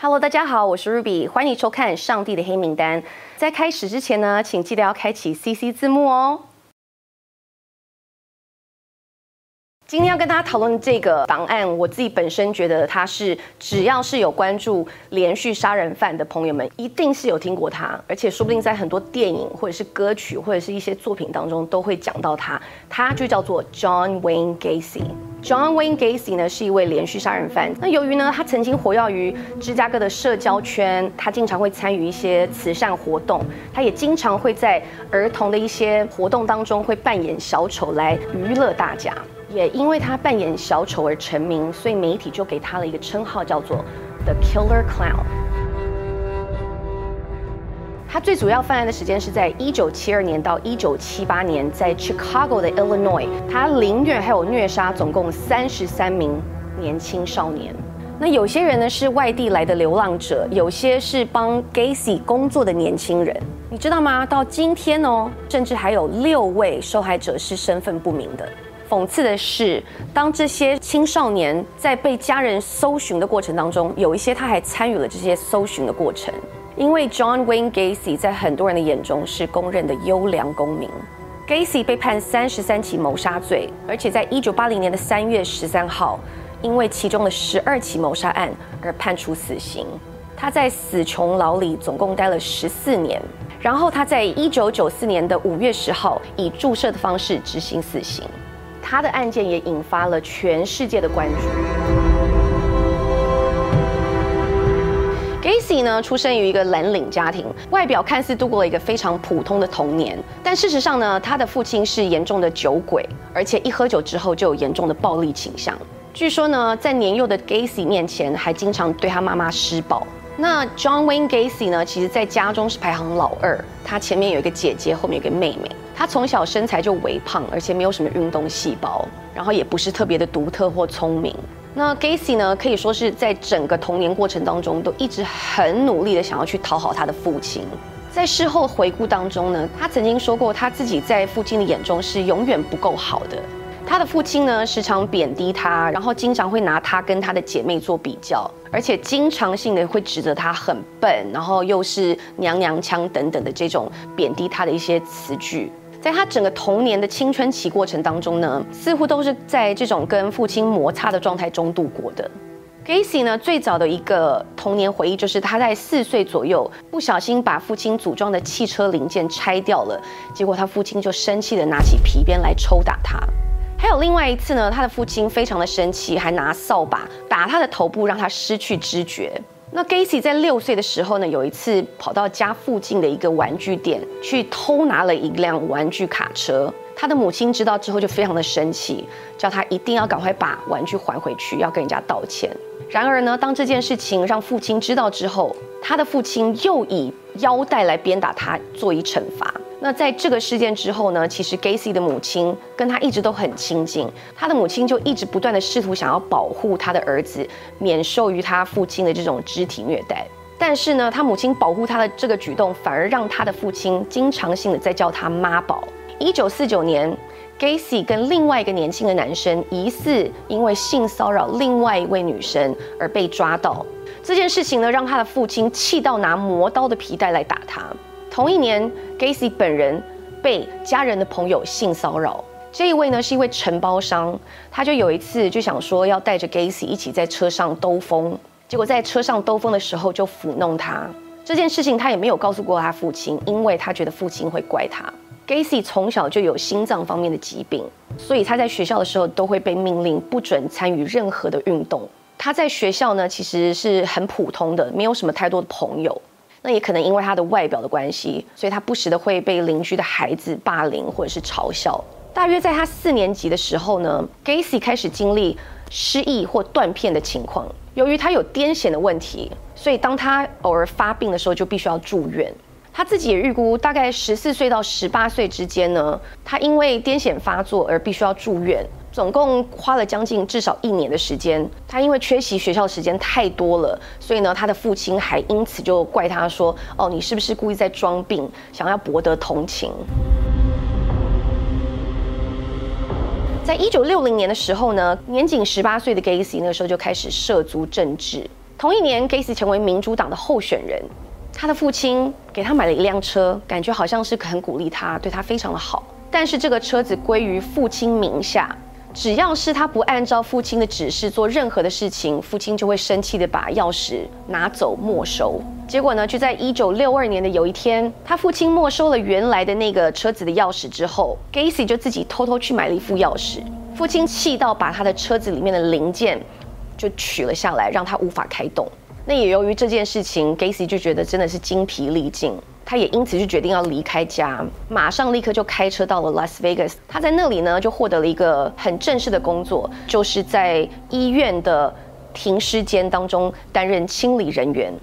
Hello，大家好，我是 Ruby，歡迎收看《上帝的黑名單》。在開始之前呢，請記得要開啟 CC 字幕哦。今天要跟大家討論這個檔案，我自己本身覺得他是只要是有關注連續殺人犯的朋友們，一定是有聽過他，而且說不定在很多電影或者是歌曲或者是一些作品當中都會講到他。他就叫做 John Wayne Gacy。John Wayne Gacy 呢是一位連續殺人犯。那由於呢他曾經活躍於芝加哥的社交圈，他經常會參與一些慈善活動，他也經常會在兒童的一些活動當中會扮演小丑來娛樂大家。也因為他扮演小丑而成名，所以媒體就給他了一個稱號，叫做 The Killer Clown。他最主要犯案的時間是在一九七二年到一九七八年，在 Chicago 的 Illinois，他凌虐還有虐殺總共三十三名年輕少年。那有些人呢是外地來的流浪者，有些是幫 Gacy 工作的年輕人。你知道嗎？到今天哦，甚至還有六位受害者是身份不明的。諷刺的是，當這些青少年在被家人搜尋的過程當中，有一些他還參與了這些搜尋的過程。因為 John Wayne Gacy 在很多人的眼中是公認的優良公民。Gacy 被判三十三起謀殺罪，而且在一九八零年的三月十三號，因為其中的十二起謀殺案而判處死刑。他在死囚牢裡總共待了十四年，然後他在一九九四年的五月十號以注射的方式執行死刑。他的案件也引發了全世界的關注。Gacy 呢，出生於一個藍領家庭，外表看似度過了一個非常普通的童年，但事實上呢，他的父親是嚴重的酒鬼，而且一喝酒之後就有嚴重的暴力傾向。據說呢，在年幼的 Gacy 面前，還經常對他媽媽施暴。那 John Wayne Gacy 呢，其實在家中是排行老二，他前面有一個姐姐，後面有個妹妹。他從小身材就微胖，而且沒有什麼運動細胞，然後也不是特別的獨特或聰明。那 Gacy 呢，可以說是在整個童年過程當中都一直很努力的想要去討好他的父親。在事後回顧當中呢，他曾經說過他自己在父親的眼中是永遠不夠好的。他的父親呢，時常貶低他，然後經常會拿他跟他的姐妹做比較，而且經常性的會指責他很笨，然後又是娘娘腔等等的這種貶低他的一些詞句。在他整個童年的青春期過程當中呢，似乎都是在這種跟父親摩擦的狀態中度過的。Gacy 呢，最早的一個童年回憶就是他在四歲左右不小心把父親組裝的汽車零件拆掉了，結果他父親就生氣地拿起皮鞭來抽打他。還有另外一次呢，他的父親非常的生氣，還拿掃把打他的頭部，讓他失去知覺。那 Gacy 在六歲的時候呢，有一次跑到家附近的一個玩具店去偷拿了一輛玩具卡車。他的母親知道之後就非常的生氣，叫他一定要趕快把玩具還回去，要跟人家道歉。然而呢，當這件事情讓父親知道之後，他的父親又以腰帶來鞭打他，作為懲罰。那在這個事件之後呢，其實 Gacy 的母親跟他一直都很親近，他的母親就一直不斷地試圖想要保護他的兒子免受於他父親的這種肢體虐待。但是呢，他母親保護他的這個舉動反而讓他的父親經常性的在叫他媽寶。一九四九年，Gacy 跟另外一個年輕的男生疑似因為性騷擾另外一位女生而被抓到，這件事情呢，讓他的父親氣到拿磨刀的皮帶來打他。同一年。Gacy 本人被家人的朋友性騷擾，這一位呢是一位承包商，他就有一次就想說要帶着 Gacy 一起在車上兜風，結果在車上兜風的時候就撫弄他。這件事情他也沒有告訴過他父親，因為他覺得父親會怪他。Gacy 從小就有心臟方面的疾病，所以他在學校的時候都會被命令不准參與任何的運動。他在學校呢其實是很普通的，沒有什麼太多的朋友。那也可能因為他的外表的關係，所以他不時的會被鄰居的孩子霸凌或者是嘲笑。大約在他四年級的時候呢，Gacy 開始經歷失憶或斷片的情況。由於他有癲癇的問題，所以當他偶爾發病的時候就必須要住院。他自己也預估，大概十四歲到十八歲之間呢，他因為癲癇發作而必須要住院。總共花了將近至少一年的時間，他因為缺席學校時間太多了，所以呢，他的父親還因此就怪他說：“哦，你是不是故意在裝病，想要博得同情？”在一九六零年的時候呢，年僅十八歲的 Gacy 那個時候就開始涉足政治。同一年，Gacy 成為民主黨的候選人。他的父親給他買了一輛車，感覺好像是很鼓勵他，對他非常的好。但是這個車子歸於父親名下。只要是他不按照父親的指示做任何的事情，父親就會生氣的把鑰匙拿走沒收。結果呢，就在一九六二年的有一天，他父親沒收了原來的那個車子的鑰匙之後，Gacy 就自己偷偷去買了一副鑰匙。父親氣到把他的車子裡面的零件，就取了下來，讓他無法開動。那也由於這件事情，Gacy 就覺得真的是精疲力盡，他也因此就決定要離開家，馬上立刻就開車到了 Las Vegas。他在那裡呢，就獲得了一個很正式的工作，就是在醫院的停屍間當中擔任清理人員。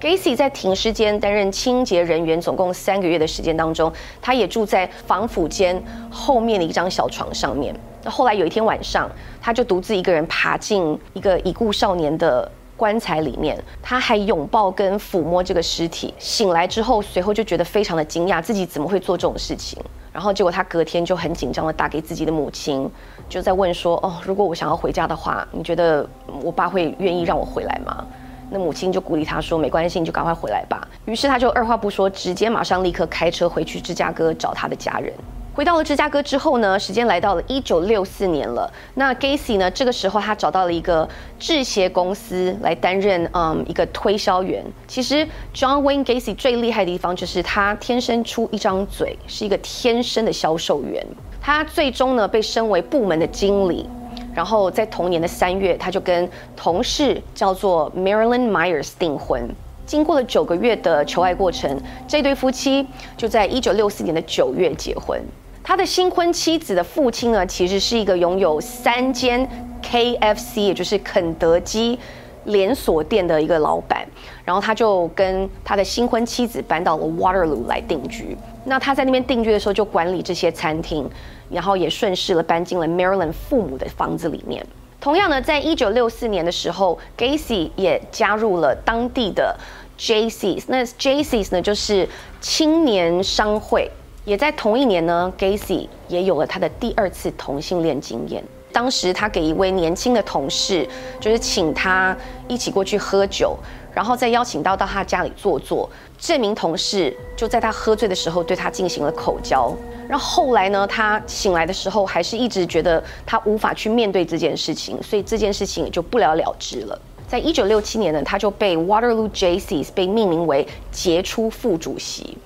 Gacy 在停屍間擔任清潔人員，總共三個月的時間當中，他也住在防腐間後面的一張小床上面。後來有一天晚上，他就獨自一個人爬進一個已故少年的棺材裡面，他還擁抱跟撫摸這個屍體。醒來之後，隨後就覺得非常的驚訝，自己怎麼會做這種事情。然後結果他隔天就很緊張的打給自己的母親，就在問說：哦，如果我想要回家的話，你覺得我爸會願意讓我回來嗎？那母親就鼓勵他說：沒關係，你就趕快回來吧。於是他就二話不說，直接馬上立刻開車回去芝加哥找他的家人。回到了芝加哥之後呢，時間來到了一九六四年了。那 Gacy 呢，這個時候他找到了一個製鞋公司來擔任，嗯，一個推銷員。其實 John Wayne Gacy 最厲害的地方就是他天生出一張嘴，是一個天生的銷售員。他最終呢被升為部門的經理，然後在同年的三月，他就跟同事叫做 Marilyn Myers 訂婚。經過了九個月的求愛過程，這對夫妻就在一九六四年的九月結婚。他的新婚妻子的父親呢，其實是一個擁有三間 KFC，也就是肯德基連鎖店的一個老闆。然後他就跟他的新婚妻子搬到了 Waterloo 來定居。那他在那邊定居的時候，就管理這些餐廳，然後也順勢了搬進了 Maryland 父母的房子裡面。同樣呢，在一九六四年的時候，Gacy 也加入了當地的 Jaycees。那 Jaycees 呢，就是青年商會。也在同一年呢，Gacy 也有了他的第二次同性戀經驗。當時他給一位年輕的同事，就是請他一起過去喝酒，然後再邀請到到他家裡坐坐。這名同事就在他喝醉的時候對他進行了口交。然後後來呢，他醒來的時候還是一直覺得他無法去面對這件事情，所以這件事情也就不了了之了。在一九六七年呢，他就被 Waterloo Jaycees 被命名為傑出副主席。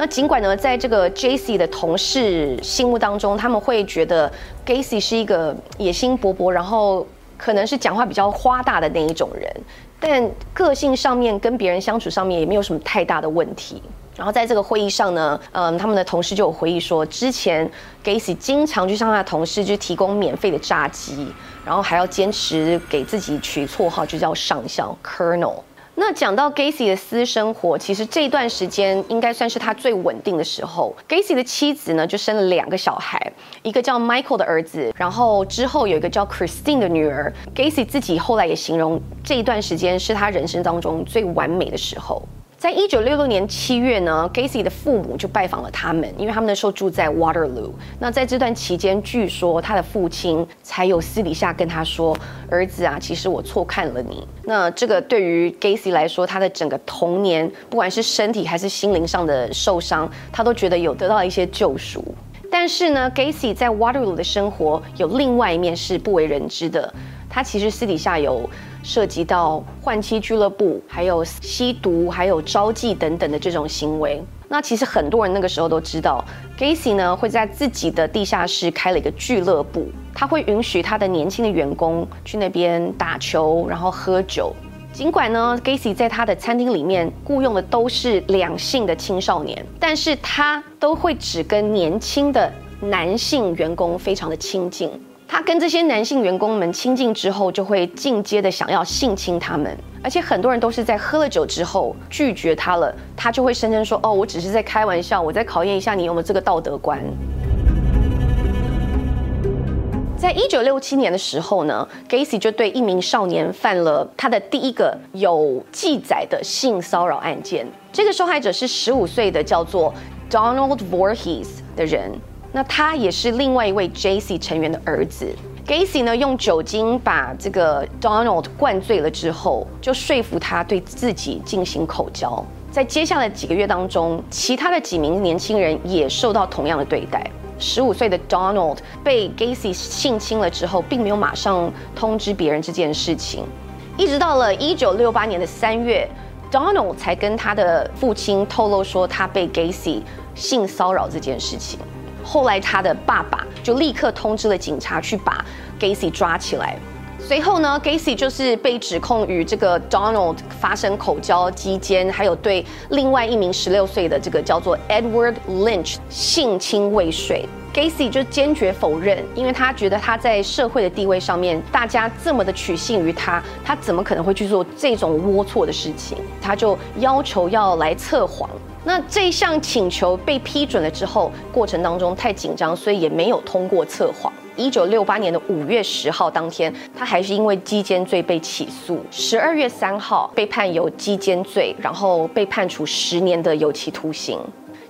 那儘管呢，在這個 Gacy 的同事心目當中，他們會覺得 Gacy 是一個野心勃勃，然後可能是講話比較花大的那一種人，但個性上面跟別人相處上面也沒有什麼太大的問題。然後在這個會議上呢，嗯，他們的同事就有回憶說，之前 Gacy 經常去向他的同事就提供免費的炸雞，然後還要堅持給自己取綽號，就叫上校 Colonel。Kernel 那講到 Gacy 的私生活，其實這一段時間應該算是他最穩定的時候。Gacy 的妻子呢，就生了兩個小孩，一個叫 Michael 的兒子，然後之後有一個叫 Christine 的女兒。Gacy 自己後來也形容這一段時間是他人生當中最完美的時候。在一九六六年七月呢，Gacy 的父母就拜訪了他們，因為他們那時候住在 Waterloo。那在這段期間，據說他的父親才有私底下跟他說：“兒子啊，其實我錯看了你。”那這個對於 Gacy 來說，他的整個童年，不管是身體還是心靈上的受傷，他都覺得有得到一些救贖。但是呢，Gacy 在 Waterloo 的生活有另外一面是不為人知的，他其實私底下有。涉及到換妻俱樂部，還有吸毒，還有招妓等等的這種行為。那其實很多人那個時候都知道，Gacy 呢會在自己的地下室開了一個俱樂部，他會允許他的年輕的員工去那邊打球，然後喝酒。儘管呢，Gacy 在他的餐廳裡面僱傭的都是兩性的青少年，但是他都會只跟年輕的男性員工非常的親近。他跟這些男性員工們親近之後，就會進階的想要性侵他們，而且很多人都是在喝了酒之後拒絕他了，他就會聲稱說：“哦，我只是在開玩笑，我在考驗一下你有沒有這個道德觀。”在一九六七年的時候呢，Gacy 就對一名少年犯了他的第一個有記載的性騷擾案件，這個受害者是十五歲的叫做 Donald Voorhees 的人。那他也是另外一位 JC 成員的兒子。Gacy 呢，用酒精把這個 Donald 灌醉了之後，就說服他對自己進行口交。在接下來幾個月當中，其他的幾名年輕人也受到同樣的對待。十五歲的 Donald 被 Gacy 性侵了之後，並沒有馬上通知別人這件事情，一直到了一九六八年的三月，Donald 才跟他的父親透露說他被 Gacy 性騷擾這件事情。後來，他的爸爸就立刻通知了警察去把 Gacy 抓起來。隨後呢，Gacy 就是被指控與這個 Donald 發生口交、雞姦，還有對另外一名十六歲的這個叫做 Edward Lynch 性侵未遂。Gacy 就堅決否認，因為他覺得他在社會的地位上面，大家這麼的取信於他，他怎麼可能會去做這種齷齪的事情？他就要求要來測謊。那這項請求被批准了之後，過程當中太緊張，所以也沒有通過測謊。一九六八年的五月十號當天，他還是因為雞姦罪被起訴。十二月三號被判有雞姦罪，然後被判處十年的有期徒刑。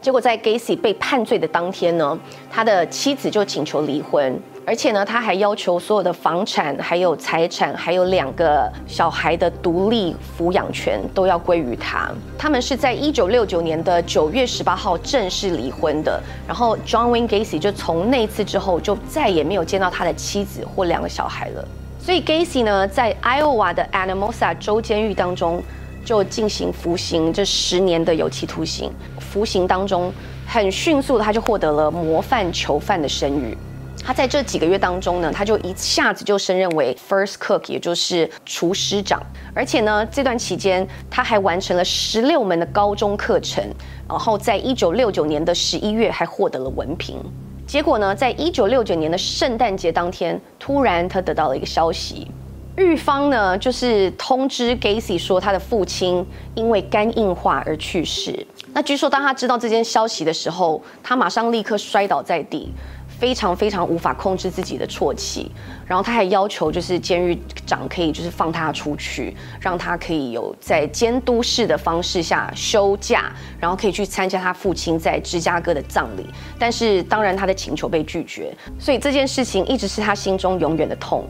結果在 Gacy 被判罪的當天呢，他的妻子就請求離婚。而且呢，他還要求所有的房產、還有財產、還有兩個小孩的獨立撫養權都要歸於他。他們是在一九六九年的九月十八號正式離婚的。然後，John Wayne Gacy 就從那次之後就再也沒有見到他的妻子或兩個小孩了。所以，Gacy 呢，在 Iowa 的 Anamosa 州監獄當中就進行服刑這十年的有期徒刑。服刑當中，很迅速，他就獲得了模範囚犯的聲譽。他在這幾個月當中呢，他就一下子就升任為 first cook，也就是廚師長。而且呢，這段期間他還完成了十六門的高中課程，然後在一九六九年的十一月還獲得了文憑。結果呢，在一九六九年的聖誕節當天，突然他得到了一個消息，獄方呢就是通知 Gacy 說他的父親因為肝硬化而去世。那據說當他知道這件消息的時候，他馬上立刻摔倒在地。非常非常無法控制自己的啜泣，然後他還要求就是監獄長可以就是放他出去，讓他可以有在監督式的方式下休假，然後可以去參加他父親在芝加哥的葬禮。但是當然他的請求被拒絕，所以這件事情一直是他心中永遠的痛。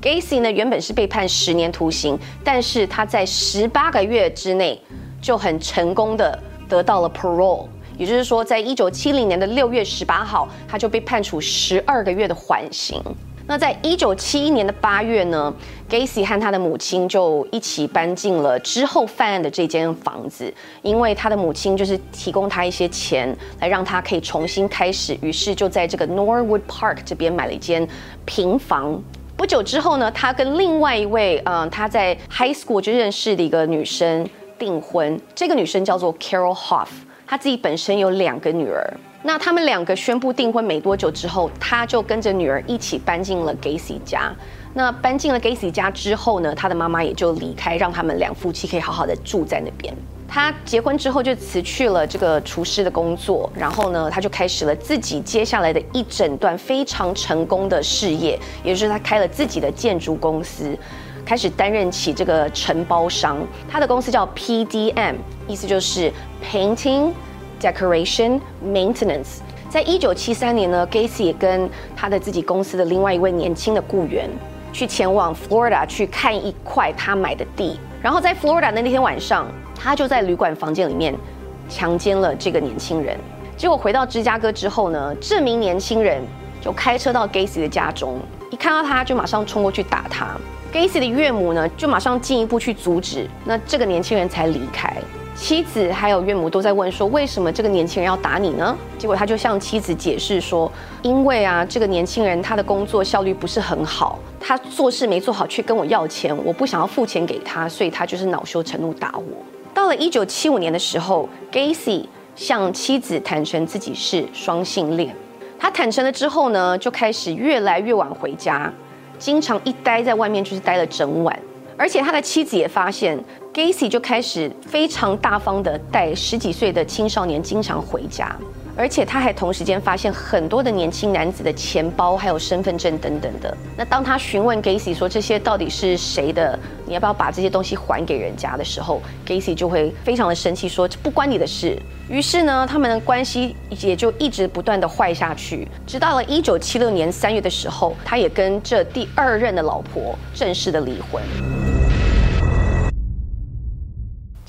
Gacy 呢原本是被判十年徒刑，但是他在十八個月之內就很成功的得到了 parole。也就是說，在一九七零年的六月十八號，他就被判處十二個月的緩刑。那在一九七一年的八月呢，Gacy 和他的母親就一起搬進了之後犯案的這間房子，因為他的母親就是提供他一些錢，來讓他可以重新開始。於是就在這個 Norwood Park 這邊買了一間平房。不久之後呢，他跟另外一位，嗯，他在 High School 就認識的一個女生訂婚，這個女生叫做 Carol Hoff。他自己本身有兩個女兒，那他們兩個宣布訂婚沒多久之後，他就跟着女兒一起搬進了 Gacy 家。那搬進了 Gacy 家之後呢，他的媽媽也就離開，讓他們兩夫妻可以好好的住在那邊。他結婚之後就辭去了這個廚師的工作，然後呢，他就開始了自己接下來的一整段非常成功的事業，也就是他開了自己的建築公司。開始擔任起這個承包商，他的公司叫 PDM，意思就是 Painting, Decoration, Maintenance。在一九七三年呢，Gacy 也跟他的自己公司的另外一位年輕的雇員去前往 Florida 去看一塊他買的地，然後在 Florida 的那天晚上，他就在旅館房間裡面強姦了這個年輕人。結果回到芝加哥之後呢，這名年輕人就開車到 Gacy 的家中，一看到他就馬上衝過去打他。Gacy 的岳母呢，就馬上進一步去阻止，那這個年輕人才離開。妻子還有岳母都在問說，為什麼這個年輕人要打你呢？結果他就向妻子解釋說，因為啊，這個年輕人他的工作效率不是很好，他做事沒做好，卻跟我要錢，我不想要付錢給他，所以他就是惱羞成怒打我。到了一九七五年的時候，Gacy 向妻子坦承自己是雙性戀。他坦承了之後呢，就開始越來越晚回家。經常一待在外面就是待了整晚，而且他的妻子也發現，Gacy 就開始非常大方地帶十幾歲的青少年經常回家。而且他還同時間發現很多的年輕男子的錢包，還有身份證等等的。那當他詢問 Gacy 說，這些到底是誰的，你要不要把這些東西還給人家的時候，Gacy 就會非常的生氣說，說這不關你的事。於是呢，他們的關係也就一直不斷的壞下去，直到了一九七六年三月的時候，他也跟這第二任的老婆正式的離婚。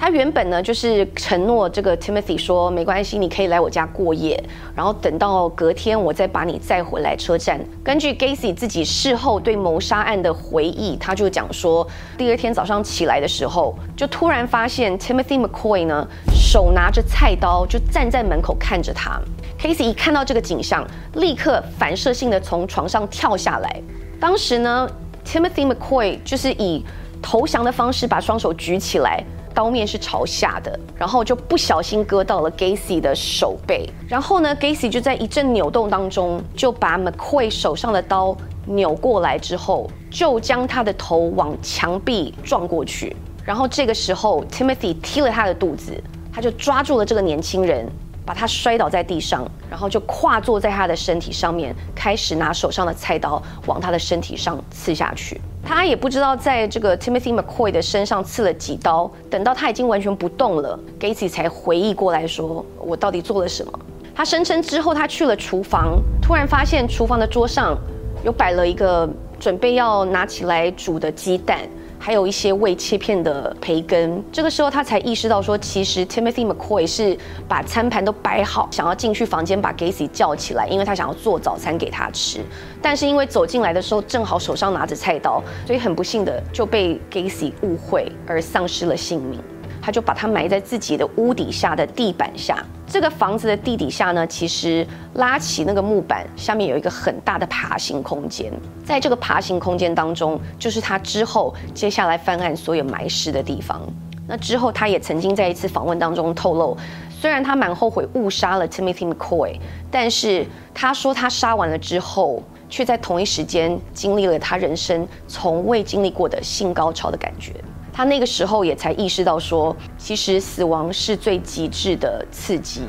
他原本呢，就是承諾這個 Timothy 說，沒關係，你可以來我家過夜，然後等到隔天我再把你載回來車站。根據 Gacy 自己事後對謀殺案的回憶，他就講說，第二天早上起來的時候，就突然發現 Timothy McCoy 呢，手拿着菜刀就站在門口看着他。Gacy 一看到這個景象，立刻反射性的從床上跳下來。當時呢，Timothy McCoy 就是以投降的方式把雙手舉起來。刀面是朝下的，然後就不小心割到了 Gacy 的手背。然後呢，Gacy 就在一陣扭動當中，就把 McCoy 手上的刀扭過來之後，就將他的頭往牆壁撞過去。然後這個時候，Timothy 踢了他的肚子，他就抓住了這個年輕人，把他摔倒在地上，然後就跨坐在他的身體上面，開始拿手上的菜刀往他的身體上刺下去。他也不知道在這個 Timothy McCoy 的身上刺了幾刀，等到他已經完全不動了，Gacy 才回憶過來說：“我到底做了什麼？”他聲稱之後他去了廚房，突然發現廚房的桌上有擺了一個準備要拿起來煮的雞蛋。還有一些未切片的培根，這個時候他才意識到說，其實 Timothy McCoy 是把餐盤都擺好，想要進去房間把 Gacy 叫起來，因為他想要做早餐給他吃。但是因為走進來的時候正好手上拿着菜刀，所以很不幸的就被 Gacy 誤會而喪失了性命。他就把它埋在自己的屋底下的地板下。這個房子的地底下呢，其實拉起那個木板，下面有一個很大的爬行空間。在這個爬行空間當中，就是他之後接下來犯案所有埋屍的地方。那之後，他也曾經在一次訪問當中透露，雖然他蠻後悔誤殺了 Timothy McCoy，但是他說他殺完了之後，卻在同一時間經歷了他人生從未經歷過的性高潮的感覺。他那個時候也才意識到，說其實死亡是最極致的刺激。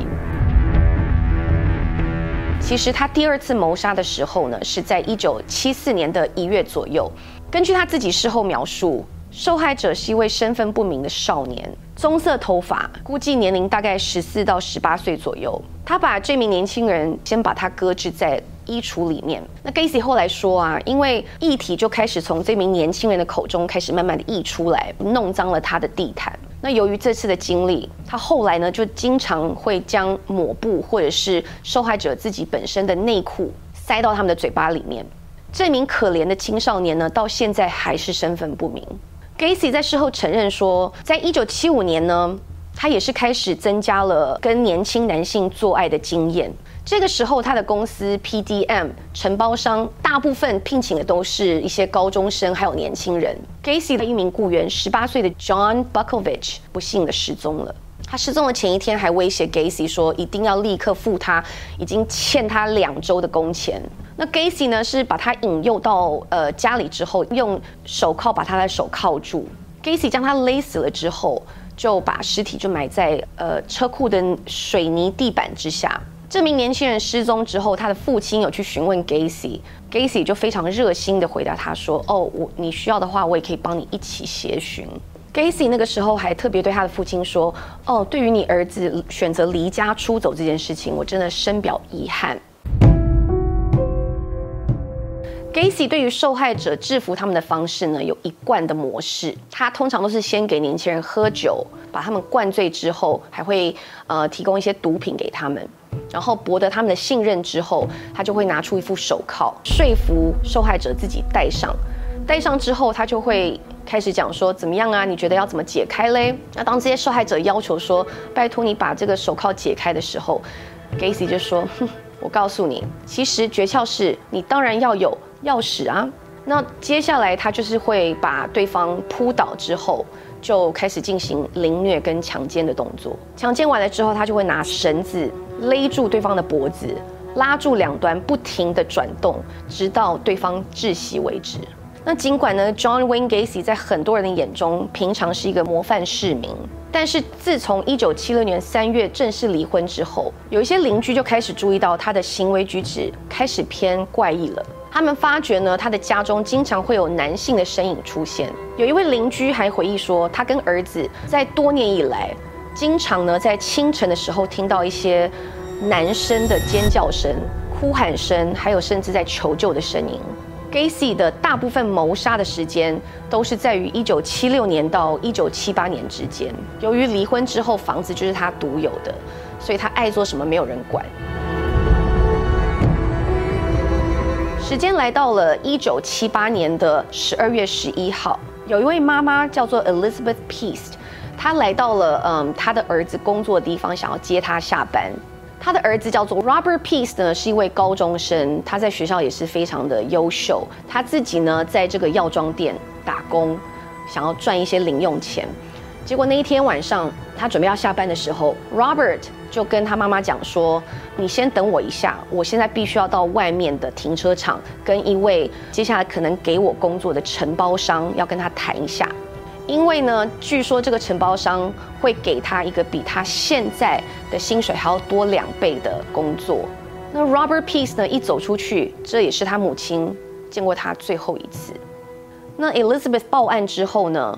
其實他第二次謀殺的時候呢，是在一九七四年的一月左右。根據他自己事後描述，受害者是一位身份不明的少年，棕色頭髮，估計年齡大概十四到十八歲左右。他把這名年輕人先把他擱置在衣櫥裡面，那 Gacy 後來說啊，因為液體就開始從這名年輕人的口中開始慢慢地溢出來，弄髒了他的地毯。那由於這次的經歷，他後來呢就經常會將抹布或者是受害者自己本身的內褲塞到他們的嘴巴裡面。這名可憐的青少年呢，到現在還是身份不明。Gacy 在事後承認說，在一九七五年呢，他也是開始增加了跟年輕男性做愛的經驗。這個時候，他的公司 P D M 承包商大部分聘請的都是一些高中生，還有年輕人。Gacy 的一名僱員，十八歲的 John Buckovitch 不幸的失蹤了。他失蹤的前一天還威脅 Gacy 說，一定要立刻付他已經欠他兩周的工錢。那 Gacy 呢，是把他引誘到呃家裡之後，用手銬把他的手銬住。Gacy 將他勒死了之後，就把屍體就埋在呃車庫的水泥地板之下。這名年輕人失蹤之後，他的父親有去詢問 Gacy，Gacy 就非常熱心的回答他說：“哦，我你需要的話，我也可以幫你一起協尋。”Gacy 那個時候還特別對他的父親說：“哦，對於你兒子選擇離家出走這件事情，我真的深表遺憾。”Gacy 對於受害者制服他們的方式呢，有一貫的模式，他通常都是先給年輕人喝酒，把他們灌醉之後，還會呃提供一些毒品給他們。然後博得他們的信任之後，他就會拿出一副手銬，說服受害者自己戴上。戴上之後，他就會開始講說怎麼樣啊？你覺得要怎麼解開嘞？那當這些受害者要求說拜托你把這個手銬解開的時候，Gacy 就說：「哼，我告訴你，其實訣竅是你當然要有鑰匙啊。”那接下來他就是會把對方撲倒之後。就開始進行凌虐跟強姦的動作。強姦完了之後，他就會拿繩子勒住對方的脖子，拉住兩端，不停地轉動，直到對方窒息為止。那儘管呢，John Wayne Gacy 在很多人的眼中平常是一個模範市民，但是自從1976年3月正式離婚之後，有一些鄰居就開始注意到他的行為舉止開始偏怪異了。他們發覺呢，他的家中經常會有男性的身影出現。有一位鄰居還回憶說，他跟兒子在多年以來，經常呢在清晨的時候聽到一些男生的尖叫聲、哭喊聲，還有甚至在求救的聲音。Gacy 的大部分謀殺的時間都是在於一九七六年到一九七八年之間。由於離婚之後房子就是他獨有的，所以他愛做什麼沒有人管。時間來到了一九七八年的十二月十一號，有一位媽媽叫做 Elizabeth Piest，她來到了嗯她的兒子工作的地方，想要接他下班。她的兒子叫做 Robert Piest 呢，是一位高中生，他在學校也是非常的優秀。他自己呢，在這個藥妝店打工，想要賺一些零用錢。結果那一天晚上，他準備要下班的時候，Robert 就跟他媽媽講說：“你先等我一下，我現在必須要到外面的停車場跟一位接下來可能給我工作的承包商要跟他談一下，因為呢，據說這個承包商會給他一個比他現在的薪水還要多兩倍的工作。”那 Robert Peace 呢，一走出去，這也是他母親見過他最後一次。那 Elizabeth 報案之後呢，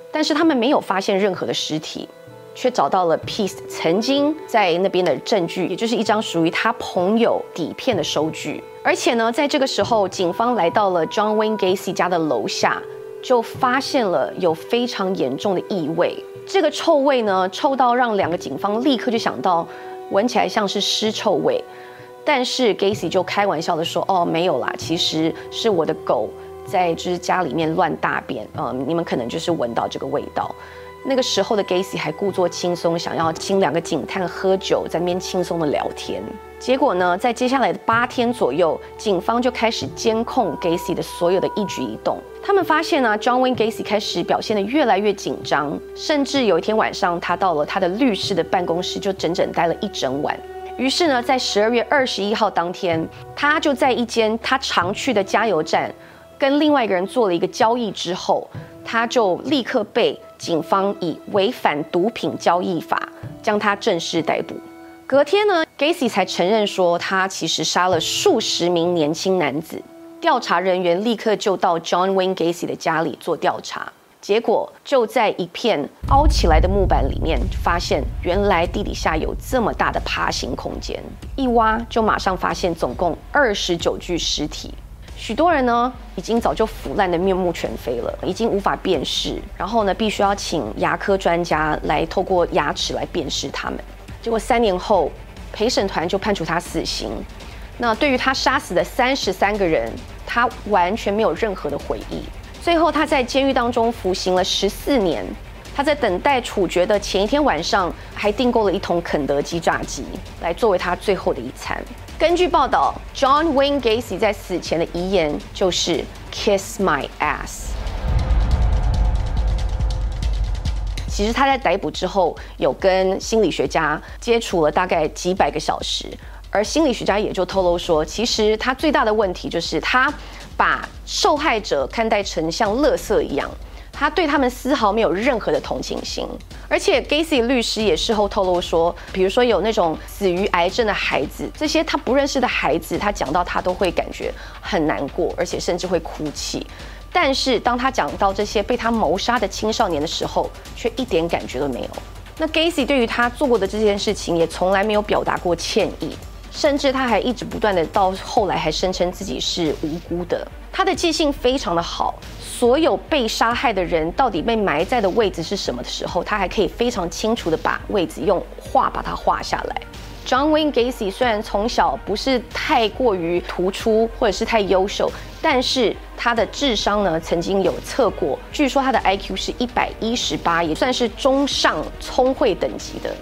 但是他們沒有發現任何的屍體，卻找到了 Piest 曾經在那邊的證據，也就是一張屬於他朋友底片的收據。而且呢，在這個時候，警方來到了 John Wayne Gacy 家的樓下，就發現了有非常嚴重的異味。這個臭味呢，臭到讓兩個警方立刻就想到，聞起來像是屍臭味。但是 Gacy 就開玩笑地說：“哦，沒有啦，其實是我的狗。”在就是家裡面亂大便，嗯，你們可能就是聞到這個味道。那個時候的 Gacy 還故作輕鬆，想要請兩個警探喝酒，在那邊輕鬆的聊天。結果呢，在接下來的八天左右，警方就開始監控 Gacy 的所有的一舉一動。他們發現呢，啊，John Wayne Gacy 開始表現得越來越緊張，甚至有一天晚上，他到了他的律師的辦公室，就整整待了一整晚。於是呢，在十二月二十一號當天，他就在一間他常去的加油站。跟另外一個人做了一個交易之後，他就立刻被警方以違反毒品交易法將他正式逮捕。隔天呢，Gacy 才承認說他其實殺了數十名年輕男子。調查人員立刻就到 John Wayne Gacy 的家裡做調查，結果就在一片凹起來的木板裡面，發現原來地底下有這麼大的爬行空間，一挖就馬上發現總共二十九具屍體。許多人呢，已經早就腐爛的面目全非了，已經無法辨識。然後呢，必須要請牙科專家來透過牙齒來辨識他們。結果三年後，陪審團就判處他死刑。那對於他殺死的三十三個人，他完全沒有任何的回憶。最後他在監獄當中服刑了十四年。他在等待處決的前一天晚上，還訂購了一桶肯德基炸雞來作為他最後的一餐。根據報道，John Wayne Gacy 在死前的遺言就是 “kiss my ass”。其實他在逮捕之後，有跟心理學家接觸了大概幾百個小時，而心理學家也就透露說，其實他最大的問題就是他把受害者看待成像垃圾一樣。他對他們絲毫沒有任何的同情心，而且 Gacy 律師也事後透露說，比如說有那種死於癌症的孩子，這些他不認識的孩子，他講到他都會感覺很難過，而且甚至會哭泣。但是當他講到這些被他謀殺的青少年的時候，卻一點感覺都沒有。那 Gacy 對於他做過的這件事情，也從來沒有表達過歉意。甚至他還一直不斷的到後來還聲稱自己是無辜的。他的記性非常的好，所有被殺害的人到底被埋在的位置是什麼的時候，他還可以非常清楚的把位置用畫把它畫下來。John Wayne Gacy 雖然從小不是太過於突出或者是太優秀，但是他的智商呢曾經有測過，據說他的 IQ 是一百一十八，也算是中上聰慧等級的。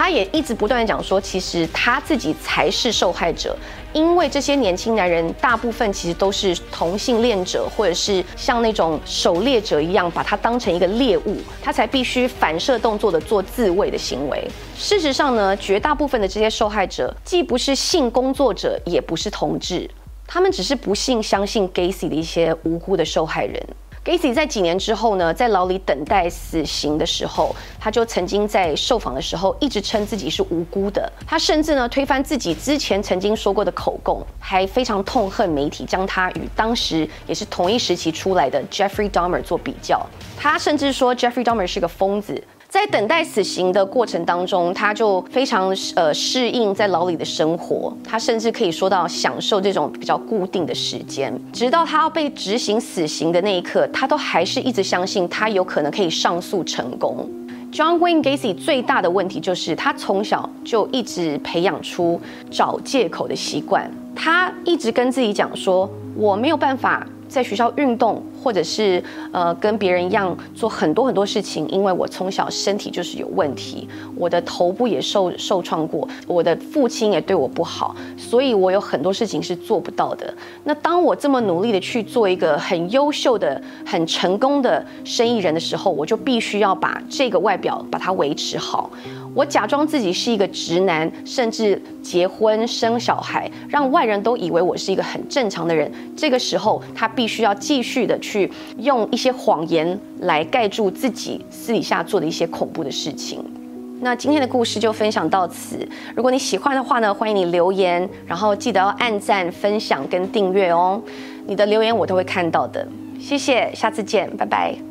他也一直不斷的講說，其實他自己才是受害者，因為這些年輕男人大部分其實都是同性戀者，或者是像那種狩獵者一樣把他當成一個獵物，他才必須反射動作的做自衛的行為。事實上呢，絕大部分的這些受害者既不是性工作者，也不是同志，他們只是不幸相信 Gacy 的一些無辜的受害人。Gacy 在幾年之後呢，在牢裡等待死刑的時候，他就曾經在受訪的時候一直稱自己是無辜的。他甚至呢推翻自己之前曾經說過的口供，還非常痛恨媒體將他與當時也是同一時期出來的 Jeffrey Dahmer 做比較。他甚至說 Jeffrey Dahmer 是個瘋子。在等待死刑的過程當中，他就非常呃適應在牢裡的生活，他甚至可以說到享受這種比較固定的時間。直到他要被執行死刑的那一刻，他都還是一直相信他有可能可以上訴成功。John Wayne Gacy 最大的問題就是他從小就一直培養出找借口的習慣，他一直跟自己講說，我沒有辦法，在學校運動，或者是呃跟別人一樣做很多很多事情，因為我從小身體就是有問題，我的頭部也受受創過，我的父親也對我不好，所以我有很多事情是做不到的。那當我這麼努力的去做一個很優秀的、很成功的生意人的時候，我就必須要把這個外表把它維持好。我假裝自己是一個直男，甚至結婚生小孩，讓外人都以為我是一個很正常的人。這個時候，他必須要繼續的去用一些謊言來蓋住自己私底下做的一些恐怖的事情。那今天的故事就分享到此。如果你喜歡的話呢，歡迎你留言，然後記得要按讚、分享跟訂閱哦。你的留言我都會看到的，謝謝，下次見，拜拜。